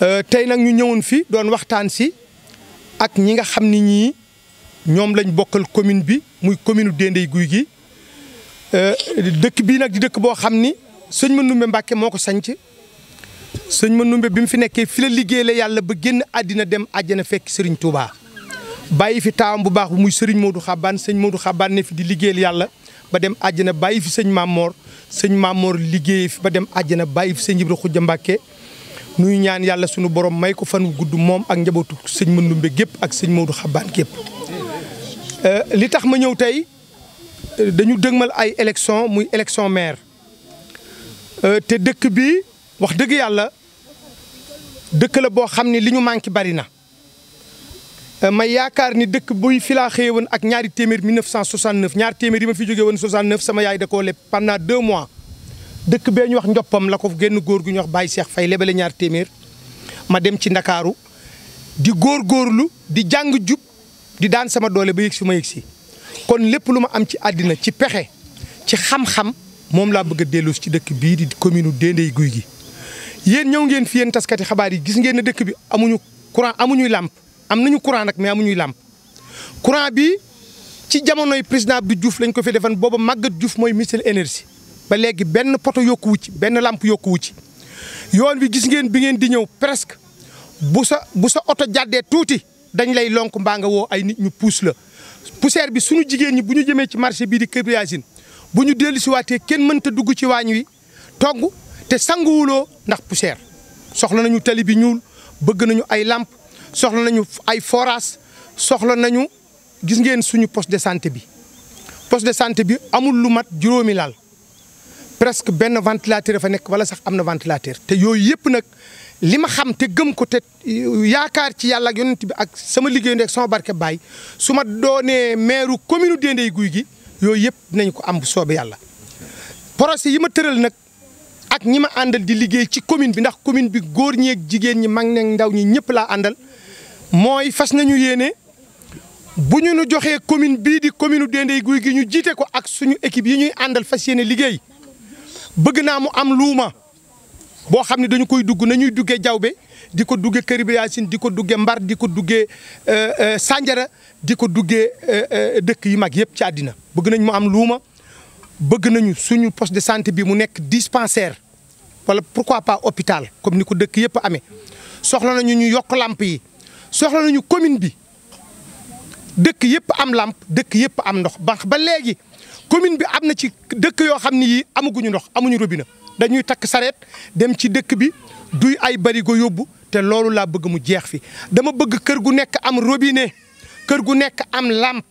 Euh, tey nag ñu ñëwoon fi doon waxtaan si ak ñi nga xam ni ñii ñoom lañ bokkal commune bi muy commune Dendey Gouy Gui euh, dëkk bii nag di dëkk boo xam ni sëñ Mandoumbe Mbàkke moo ko sanc sëñ Mandoumbe bi mu fi nekkee fi la liggéey la yàlla ba génn àddina dem àjjana fekk Serigne Touba bàyyi fi taawam bu baax bu muy Serigne Modou Xabaan sëñ Modou Xabaan ne fi di liggéeyal yàlla ba dem àjjana bàyyi fi sëñ Mamor sëñ Mamor liggéey fi ba dem àjjana bàyyi fi sëñ Ibra Xujja nuy ñaan yàlla sunu borom may ko fan wu gudd moom ak njabootu sëñ mën Mandoumbe gépp ak sëñ Maodo Xabaan gépp euh, li tax ma ñëw tey dañu dëgg mal ay élection muy élection maire euh, te dëkk bi wax dëgg yàlla dëkk la boo xam ni li ñu manqué bari na euh, ma yaakaar ni dëkk buy fi laa xëye woon ak ñaari téeméer 1969 ñaari téeméer yi ma fi jógee woon 69 sama yaay da koo leb pendant deux mois dëkk bee ñu wax njoppam la ko génn góor gu ñu wax Baye seex fay lebale ñaar téeméer ma dem ci ndakaaru di góorgóorlu di jàng jub di daan sama doole ba yëg si ma yëg si kon lépp lu ma am ci àddina ci pexe ci xam-xam moom laa bëgg a dellu ci dëkk bii di commune Dendeye guy Gui yéen ñëw ngeen fi yéen taskati xabaar yi gis ngeen ne dëkk bi amuñu courant amuñuy làmp am nañu courant nag mais amuñuy làmp courant bi ci jamonoy président Abdou juuf lañ ko fi defan booba Maguette Diouf mooy ministre énergie ba léegi benn poto yokkuwu ci benn làmp yokk wu ci yoon wi gis ngeen bi ngeen di ñëw presque bu sa bu sa oto jàddee tuuti dañ lay lonk mbaa nga woo ay nit ñu puus la poussière bi suñu jigéen ñi bu ñu jëmee ci marché bii di Kër Yacine bu ñu dellu si waatee kenn mënta dugg ci waañ wi togg te sanguwuloo ndax poussière soxla nañu tali bi ñuul bëgg nañu ay làmp soxla nañu ay forage soxla nañu gis ngeen suñu poste de santé bi poste de santé bi amul lu mat juróomi presque benn ventilateur fa nekk wala sax am na ventilateur te yooyu yëpp nag li ma xam te gëm ko te yaakaar ci yàlla ak yonent bi ak sama liggéey ndek sama barke baay su ma doonee maire commune Dendeye guy gi yooyu yëpp nañ ko am bu soobee yàlla projet yi ma tëral nag ak ñi ma àndal di liggéey ci commune bi ndax commune bi góor ñeek jigéen ñi mag ñeeg ndaw ñi ñëpp laa àndal mooy fas nañu yéene bu ñu nu joxee commune bi di commune Dendeye Gouye Gui ñu jiite ko ak suñu équipe yi ñuy àndal fas yéene liggéey bëgg naa mu am luuma boo xam ne dañu koy dugg nañuy duggee jawbe di ko duggee Kër Biassine di ko duggee Mbar di ko duggee euh, euh, sanjara di ko duggee euh, dëkk yi mag yëpp ci àddina bëgg nañ mu am luuma bëgg nañu suñu poste de santé bi mu nekk dispensaire wala pourquoi pas hôpital comme ni ko dëkk yëpp amee soxla nañu ñu yokk làmp yi soxla nañu commune bi dëkk yëpp am làmp dëkk yëpp am ndox ba ba léegi. commune bi am na ci dëkk yoo xam ne yii amaguñu ndox amuñu robinet dañuy takk sareet dem ci dëkk bi duy ay barigo yóbbu te loolu laa bëgg mu jeex fi dama bëgg kër gu nekk am robine kër gu nekk am làmp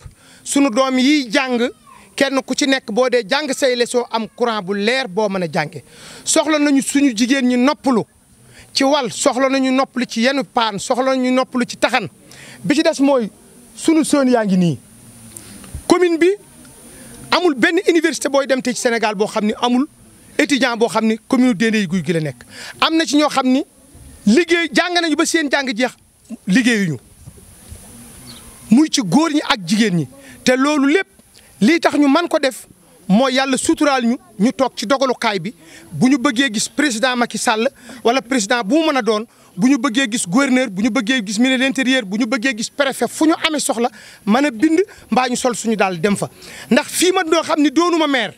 sunu doom yiy jàng kenn ku ci nekk boo dee jàng say leçon am courant bu leer boo mën a jànge soxla nañu suñu jigéen ñi noppalu ci wal soxla nañu noppalu ci yenu paan soxla nañu noppalu ci taxan bi ci des mooy sunu sën yaa ngi nii commune bi amul benn université booy dem te ci Sénégal boo xam ni amul étudiant boo xam ni commune Dendeye guy Gui la nekk am na ci ñoo xam ni liggéey jàng nañu ba seen jàng jeex liggéeyuñu muy ci góor ñi ak jigéen ñi te loolu lépp li tax ñu man ko def mooy yàlla suturaal ñu ñu toog ci dogalukaay bi bu ñu bëggee gis président Macky Sall wala président bu mu mën a doon bu ñu bëggee gis gouverneur bu ñu bëggee gis ministre de l'intérieur bu ñu bëggee gis préfet fu ñu amee soxla man a bind mbaa ñu sol suñu daal dem fa ndax fii man doo xam ni doonuma maire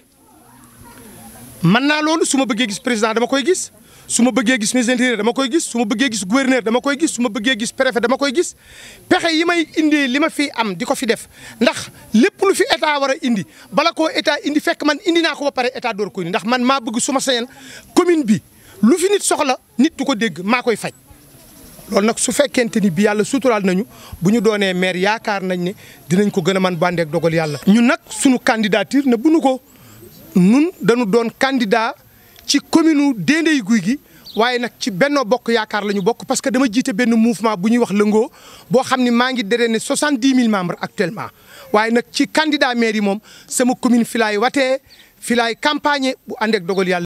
mën naa loolu suma bëggee gis président dama koy gis su ma bëggee gis ministre koy gis su ma bëggee gis gouverneur dama koy gis su bëggee gis préfet dama koy gis pexe yi may indee li ma fi am di ko fi def ndax lépp lu fi état war a indi bala koo état indi fekk man indi naa ko ba pare état door koy indi ndax man maa bëgg suma ma sañoon commune bi lu fi nit soxla nit du ko dégg maa koy faj loolu nag su fekkente ni bi yàlla suturaal nañu bu ñu doonee maire yaakaar nañ ne dinañ ko gën a mën bàndeek dogal yàlla. ñun nag suñu candidature nag bu nu ko nun dañu doon candidat ci commune Dendeye Gouy Gui waaye nag ci Benno Bokk Yaakaar la bokk parce que dama jiite benn mouvement bu ñu wax lëngoo boo xam ne maa ngi drainer soixante-dix mille membres actuellement waaye nag ci candidat maire yi moom sama commune fi laay watee filaay laay bu àndeek dogal yàlla.